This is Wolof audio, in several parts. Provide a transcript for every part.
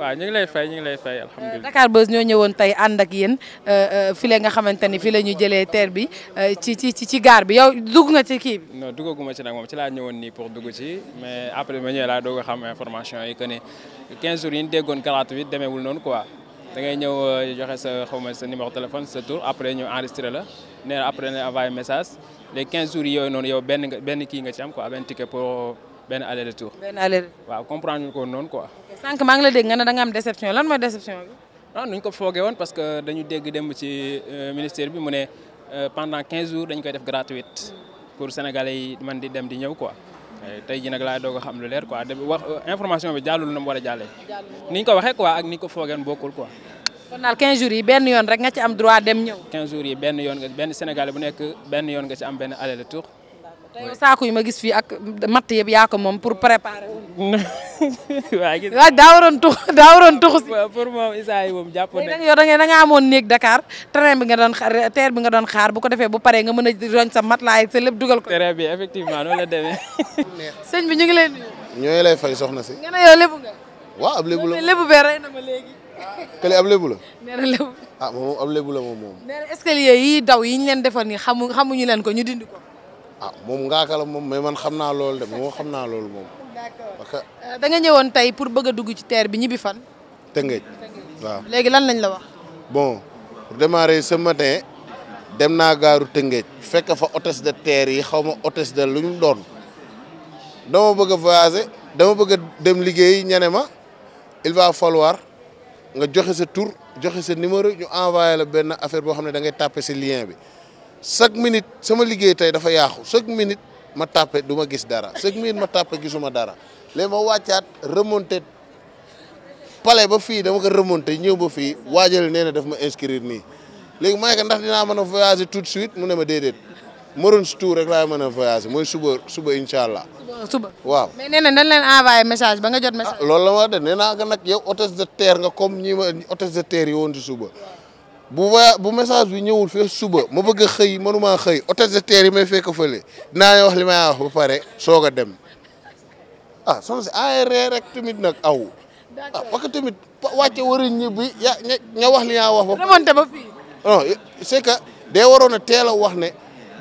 waaw ñu ngi lay fay ñu ngi lay fay alhamdulilah. Dakar Buzz ñoo ñëwoon tey ànd ak euh, euh, file nga xamante ni fii la ñu jëlee terre bi euh, ci ci ci gaar bi yow dugg nga ci kii bi. non duggaguma ci nag moom ci laa ñëwoon nii pour dugg ci mais après ma ñëwee laa doog a xam information yi que ne 15 jours yi ñu déggoon gratuit demeewul noonu quoi. da ñëw joxe sa xaw ma sa numéro téléphone sa tour après ñu enregistré la nee après ne envoyé message les quinze jours yooyu noonu yow benn benn kii nga ci am quoi benn benn aller retour. benn aller retour waaw comprendre ñu ko noonu quoi. sànq maa ngi la dégg nga ne da nga am déception lan mooy déception bi. waaw nu ñu ko foogee woon parce que dañu dégg dem ci euh, ministère bi mu ne euh, pendant 15 jours dañ koy def gratuite pour sénégalais yi man di dem di ñëw quoi. Euh, tey jii nag laa doog a xam lu leer quoi de wax information bi jàllul na mu war a jàllee. ni ñu ko waxee quoi ak ni ñu ko foogeen bokkul quoi. kon daal 15 jours yi benn yoon rek nga ci am droit dem ñëw. 15 jours yi benn yoon nga benn sénégalais bu nekk benn yoon nga ci am benn aller retour te yow saako yi ma gis fii ak matt yëpp yaa ko moom pour préparer. waa gis nga daa waroon tux daa waroon tux si. waaw moom Issa yi moom jàpp ne. yow da ngay da ngaa amoon néeg Dakar train bi nga doon xaar terre bi nga doon xaar bu ko defee bu paree nga mën a roñ sa mat laay sa lépp dugal ko. très bien effectivement noonu la bi ñu ngi lay ñooy lay fay soxna si. nga ne yow lébu nga. na ma léegi. Ah, kële ab lébu la. nee na lébu. ah moom ab lébu la moom moom. nee yi daw yi ñu leen defal nii xamu xamuñu leen ko ñu dindi ko ah moom ngaaka la moom mais man xam naa loolu de moom xam naa loolu moom. d'accord parce que. Euh, da nga ñëwoon tey pour bëgg dugg ci terre bi ñibbi fan. Tëngéej waaw. léegi lan lañ la wax. bon pour démarrer ce matin dem naa gaaru Tëngéej fekk fa hôtesse de terre yi xaw ma hôtesse lu ñu doon dama bëgg a voyager dama bëgg dem liggéey ñene ma il va falloir nga joxe sa tour joxe sa numéro ñu envoyé la benn affaire boo xam ne da ngay tapé si lien bi. chaque minute sama liggéey tey dafa yaaxu chaque minute ma tàppe duma gis dara chaque minute ma tàppe gisuma dara léegi ma wàccaat remonté pale ba fii dama ko remonté ñëw ba fii waajal nee na daf ma inscrit nii léegi ma ne ndax dinaa mën a voyager tout de suite mu ne ma ma Morone Stour rek laay mën a voyager mooy suba suba incha allah. suba waaw. mais nee na dañ leen message ba nga jot message. Ah, loolu la ma wax de naa nag yow hôtesse de nga comme ñi ma hôtesse de terre yi woon ci suba. bu voya bu message bi ñëwul fee suba ma bëgg a xëy mënumaa xëy hôtel de terre yi may fekk fële dinaa wax li a wax ba pare soog a dem ah soxna si ARR rek tamit nag aw. ah parce que tamit wàcce war a ñibbi ña wax li wax ba. remonté ba fii. que day waroon a teel a wax ne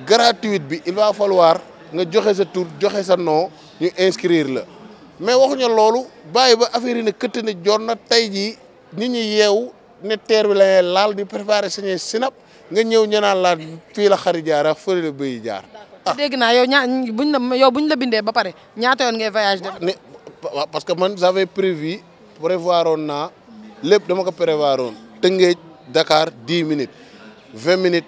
gratuite bi il va falloir nga joxe sa tur joxe sa nom ñu inscrire la mais waxuñu loolu bàyyi ba affaire yi ne këtt ne jot na tey jii nit ñi yeew ne teer bi la laal di préparer sañee sinap nga ñëw ñu naan la fii la xari jaar ak fële la bëy jaar. ah dégg naa ñaa buñ la yow buñ la bindee ba pare ñaata yoon ngay voyage dem. Ah, ne parce que man j'avais prévu prévoir woon naa lépp dama ko prévoir woon Tëngéej Dakar dix minutes vingt minutes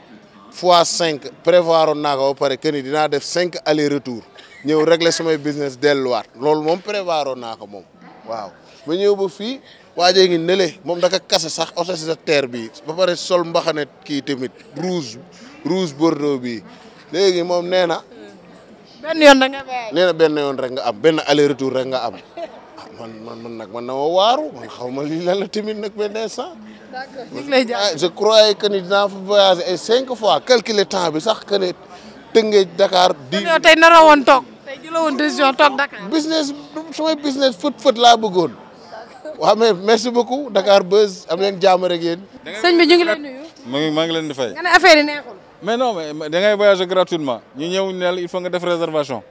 fois cinq prévoir woon naa ko ba pare que ni dinaa def cinq aller retour ñëw régler samay business delluwaat loolu moom prévoir woon naa ko moom waaw ma ñëw ba fii. waajee ngi nële moom daka kase sax oto si sa terre bi ba pare sol mbaxane kii tamit rouge rouge bordeaux bi léegi moom nee na. benn yoon da nga nee benn yoon rek nga am benn aller retour rek nga am ah, man man man nag man na ma waaru man xaw ma lii lan la nag benn instant. d'accord ñu ngi ah, je croyais que ni dinaa fa voyager cinq fois calculer temps bi sax que ne Tëngéej Dakar. di kon tey naroon woon toog. tey jëloon décision toog Dakar. business samay business fët fët laa bëggoon. waaw mais merci beaucoup Dakar Buzz am leen jàmm rek yéen. sëñ bi ñu ngi leen nuyu. ma ngi maa ngi leen di fay. nga ne affaire yi mais non mais da ngay voyager gratuitement ñu ñëw ne la il faut nga def réservation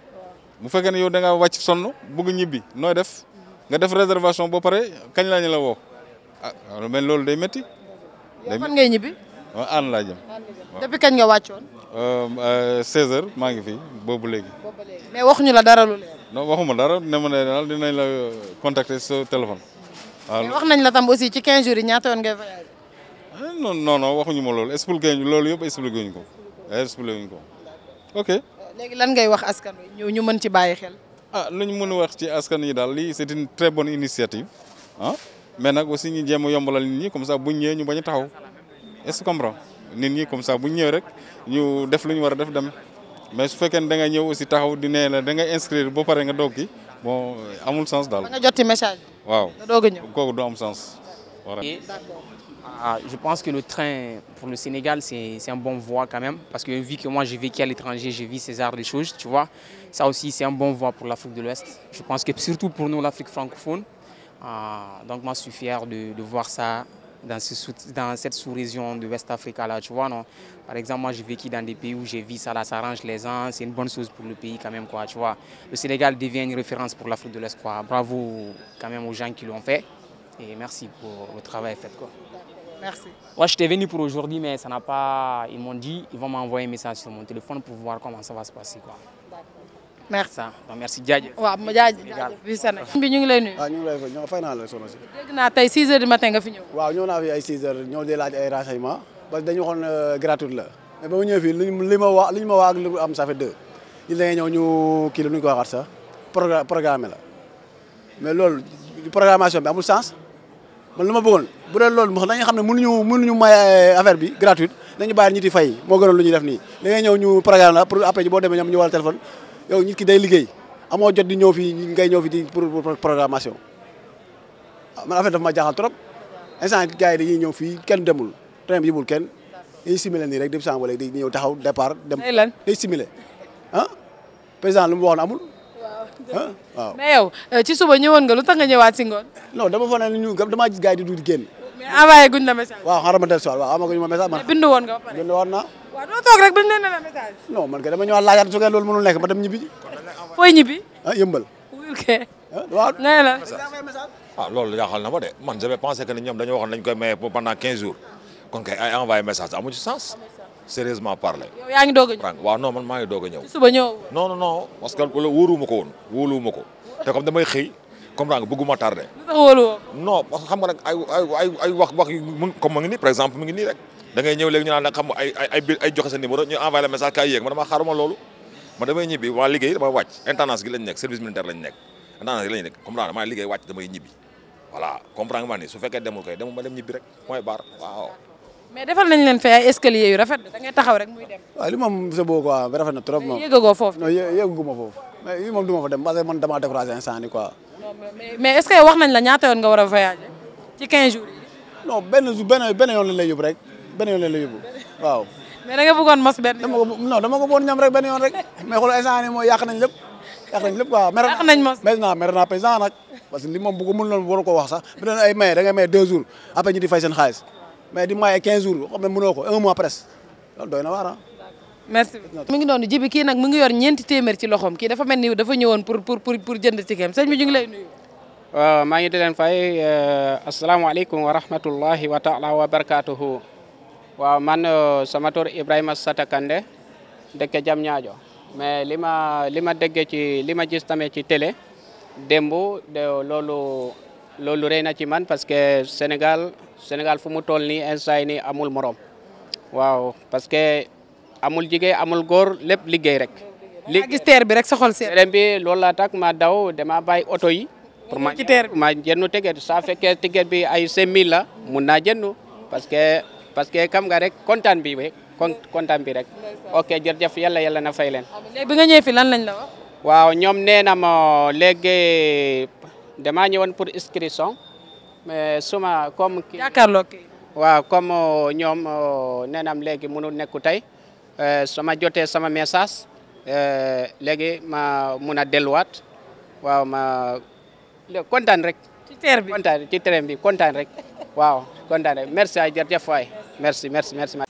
bu fekkee ne yow da ngaa wàcc sonn bëgg ñibbi nooy def nga def réservation boo pare kañ laa la woo ah loolu day métti. yow fan ngay ñibbi. waaw ànd laa jëm. depuis kañ nga wàccoon. 16h euh, euh, maa ngi fi boobu léegi. boobu léegi ñu waxuñu la dara lu leer. non waxuma dara ne ma ne daal dinañ l contacter sa téléphone. waaw mais wax nañ la tam aussi ci 15 jours yi ñaata yoon ngay voyagé. Ah, non non non waxuñu ma loolu expliqué ñu loolu yëpp expliqué wuñ ko expliqué wuñ ko ok. lan ngay wax askan ñëw ñu mën ci bàyyi xel. ah lu ñu mën a wax ci askan yi daal lii c'est une très bonne initiative a ah. mais nag aussi ñu jéem a yombalal nit ñi comme ça bu ñëwee ñu bañ taxaw est-ce nit ñi comme ça bu ñëwee rek ñu def lu ñu war a def dem mais su fekkee ne da nga ñëw aussi taxaw di nee la da nga inscrire ba pare nga doog bon amul sens daal. nga jot ci message. waaw doog a ñëw kooku du am sens. voilà. Ah, je pense que le train pour le Sénégal, c'est un bon voie quand même. Parce que vu que moi j'ai vécu à l'étranger, j'ai vu ces arts des choses, tu vois. Ça aussi, c'est un bon voie pour l'Afrique de l'Ouest. Je pense que surtout pour nous, l'Afrique francophone. Ah, donc moi, je suis fier de, de voir ça dans, ce, dans cette sous-région de West Africa là, tu vois, non Par exemple, moi, j'ai vécu dans des pays où j'ai vu ça, là, ça arrange les gens, c'est une bonne chose pour le pays quand même, quoi, Le Sénégal devient une référence pour l'Afrique de l'Est, Bravo quand même aux gens qui l'ont fait et merci pour le travail fait, quoi. j'étais venu pour aujourd'hui, mais ça n'a pas... Ils m'ont dit, ils vont m'envoyer message sur mon téléphone pour voir comment ça va se passer, quoi. merci waaw merci jaajëf. waaw ma jaajëf jaajëf bi Sénégal. bi ñu ngi lay nuyu. Ah, ñu ngi lay fay naa la soxna si. dégg naa tey 6 heures du matin nga fi ñëw. waaw ñëw naa fi ay 6 heures ñoo dee laaj ay renseignements parce dañu waxoon euh, gratuite la mais ba li ma wax li ma wax ak li am ça fait deux il da nga ñëw ñu kii la nu ñu ko waxaat sax programme programme la mais loolu programmation bi amul sens man lu ma bëggoon bu dee loolu wax nañu xam ne mënuñu mënuñu may euh, affaire bi gratuite nañu bàyyi ñi di fay moo gënoon lu ñuy def nii da ngay ñëw ñu programme la pour après boo demee ñoom ñu wala téléphone yow nit ki day liggéey amoo jot di ñëw fi ngay ñëw fi di pour programmation ah, man affaire dafa ma jaaxal trop instant gars yi dañuy ñëw fii kenn demul train bi yëbul kenn dañuy simuler nii rek depuis sànq léegi di ñëw taxaw départ dem day simuler ah président lu mu amul ah waaw mais yow euh, ci suba ñëwoon nga lu tax nga ñëwaat si ngoon non dama foog ne ñu damaa gis gars di du di génn mais envoyé guñ la message waaw xaaral ma dellusiwaat waaw amaguñu bindu woon nga bindu woon naa waaw doo toog rek bañ leen ne la message. non man kay dama ñëwaat laajaat su fekkee loolu mënul nekk ba dem ñibbi ji. fooy ñibbi. ah yëmbal. ok. Ah, waaw nee na. ah loolu jaaxal na ma de man j'avais pensé que ni ñoom dañoo waxoon dañ koy maye pour pendant 15 jours kon kay ay envoyé message amu ci sens. sérieusement parler. yow yaa ngi doog a ñëw waaw non man maa ngi doog a ñëw. suba ñëw. non non non parce que wóoruwuma ko woon wóoluwuma ko te comme damay xëy comprendre nga bëgguma tardé. lu tax wóolu non parce que xam nga rek ay ay ay wax wax yu comme mu ngi nii par exemple mu ngi nii rek da ngay ñëw léegi ñu naan da xam ay ay ay joxe sa numéro ñu envoyé la message kaay yéeg ma dama xaaruma loolu ma damay ñibbi waa liggéey damay wàcc intendance gi lañ nekk service militaire lañ nekk intendance gi lañ nekk comme daanaka maa liggéey wàcc damay ñibbi voilà comprendre nga ma ni su fekkee demul kay demul ma dem ñibbi rek mooy baar waaw. mais defal nañ leen fee ay escalier yu rafet da ngay taxaw rek muy dem. waaw li moom c'est beau quoi rafet na trop moom mais yëgagoo foofu. non yëgaguma foofu mais yii moom du ma fa dem parce que man damaa découragé instant ni quoi. non mais mais est-ce que wax nañ la ñaata yoon nga war a voyager ci 15 jours yi. non benn benn benn yoon lañ lay yóbbu rek benn yoon leen la yóbbu waaw. mais da nga bëggoon mos benn dama ko non dama ko bëggoon ñam rek benn yoon rek mais xoolal instant yii mooy yàq nañ lépp yàq nañ lépp waaw. yàq nañ mos mer naa mer naa président nag parce que li moom bu ko mënoon waru ko wax sax bu doon ay maye da ngay maye deux jours après ñu di fay seen xaalis mais di maye quinze jours xam ne mënoo ko un mois presque loolu doy na waar ah. merci mi ngi noonu jibi kii nag mu ngi yor ñeenti téeméer ci loxoom kii dafa mel ni dafa ñëwoon pour pour pour jënd tikem sëñ bi ñu ngi lay nuyu. waaw maa ngi di leen fay euh, asalaamaaleykum wa rahmatullahi wa taala wa barakaatuhu waaw man euh, sama tur Ibrahima Sata Kande dëkk jam ñaajo mais li ma li ma déggee ci li ma gis tamit ci tele démb de loolu loolu na ci man parce que Sénégal Sénégal fu mu toll nii instant nii amul morom waaw parce que amul jigéen amul góor lépp liggéey rek. li gis teer bi rek sa xol seet. ren bi loolu laa tax ma daw dama bàyyi oto yi. pour ma jënd ticket ma jënd ticket saa fekkee ticket bi ay 5000 la mun naa jënd parce parce que xam nga rek kontaan bi rek kontaan bi rek ok jërëjëf yàlla yàlla na fay leen. léegi nga ñëwee fi lan lañ la wax. waaw ñoom nee na ma léegi damaa ñëwoon pour inscription suma comme. jàkkaarloo kii. waaw comme euh, ñoom euh, nee naam léegi mënu nekku tey euh, sama jote sama message léegi ma mun a delluwaat waaw ma kontaan rek. ci terre bi kontaan ci terrain bi kontaan rek waaw kontaan rek merci ay jërëjëf waay merci merci merci.